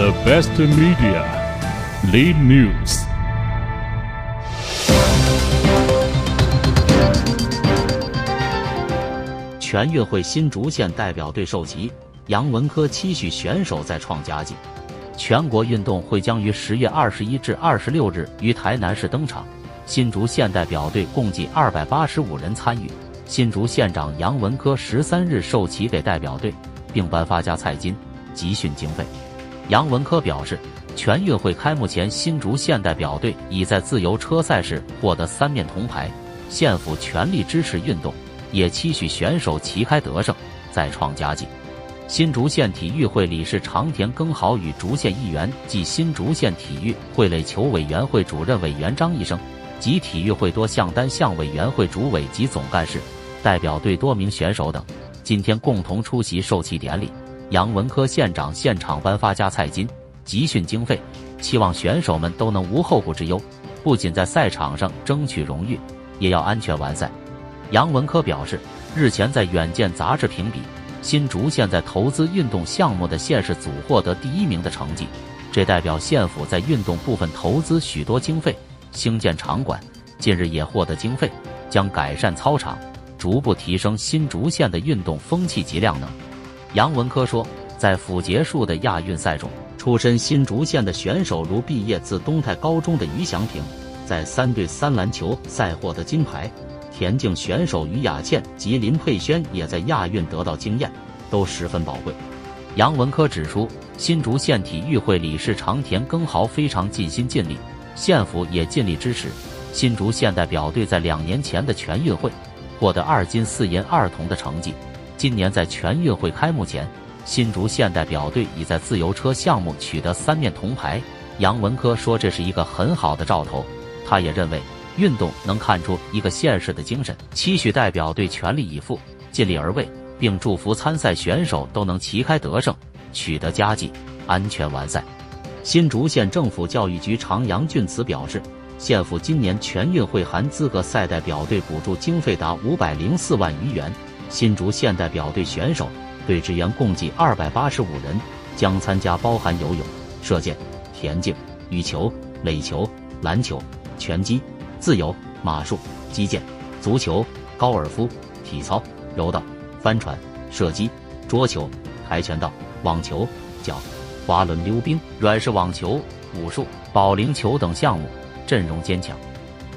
The best media lead news。全運會新竹縣代表隊授旗，楊文科期許選手再創佳績。全國運動會將於十月二十一至二十六日於台南市登場，新竹縣代表隊共計二百八十五人參與。新竹縣長楊文科十三日授旗給代表隊，並頒發加菜金，集訓經費。楊文科表示，全運會開幕前，新竹縣代表隊已在自由車賽事獲得三面銅牌。縣府全力支持運動，也期許選手旗開得勝，再創佳績。新竹縣體育會理事長田耕豪與竹縣議員暨新竹縣體育會壘球委員會主任委員張益生及體育會多項單項委員會主委及總幹事，代表隊多名選手等，今天共同出席授旗典禮。楊文科縣長現場頒發加菜金，集訓經費，期望選手們都能無後顧之憂，不僅在賽場上爭取榮譽，也要安全完賽。楊文科表示，日前在《遠見》雜誌評比，新竹縣在投資運動項目的縣市組獲得第一名的成績，這代表縣府在運動部分投資許多經費，興建場館，近日也獲得經費，將改善操場，逐步提升新竹縣的運動風氣及量能。楊文科說，在甫結束的亞運賽中，出身新竹縣的選手如畢業自東泰高中的余祥平，在三對三籃球賽獲得金牌；田徑選手余雅倩及林沛萱也在亞運得到經驗，都十分寶貴。楊文科指出，新竹縣體育會理事長田耕豪非常盡心盡力，縣府也盡力支持新竹縣代表隊，在兩年前的全運會獲得二金四銀二銅的成績。今年在全運會開幕前，新竹縣代表隊已在自由車項目取得三面銅牌。楊文科說：“這是一個很好的兆頭。”他也認為，運動能看出一個縣市的精神，期許代表隊全力以赴、盡力而為，並祝福參賽選手都能旗開得勝、取得佳績、安全完賽。新竹縣政府教育局長楊郡慈表示，縣府今年全運會含資格賽代表隊補助經費達五百零四萬餘元。新竹縣代表隊選手、隊職員共計二百八十五人，將參加包含游泳、射箭、田徑、羽球、壘球、籃球、拳擊、自由車、馬術、擊劍、足球、高爾夫、體操、柔道、帆船、射擊、桌球、跆拳道、網球、角力、滑輪溜冰、軟式網球、武術、保齡球等項目，陣容堅強。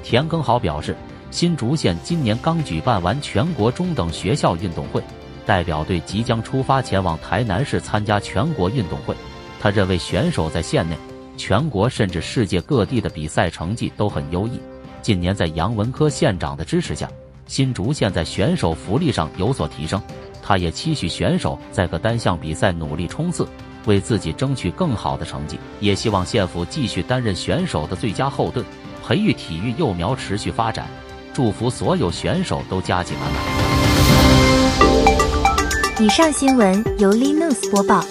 田耕豪表示。新竹縣今年剛舉辦完全國中等學校運動會，代表隊即將出發前往台南市參加全國運動會。他認為選手在縣內、全國甚至世界各地的比賽成績都很優異。近年在楊文科縣長的支持下，新竹縣在選手福利上有所提升。他也期許選手在各單項比賽努力衝刺，為自己爭取更好的成績。也希望縣府繼續擔任選手的最佳後盾，培育體育幼苗，持續發展。祝福所有選手都佳績滿滿。以上新聞由 Li News 播報。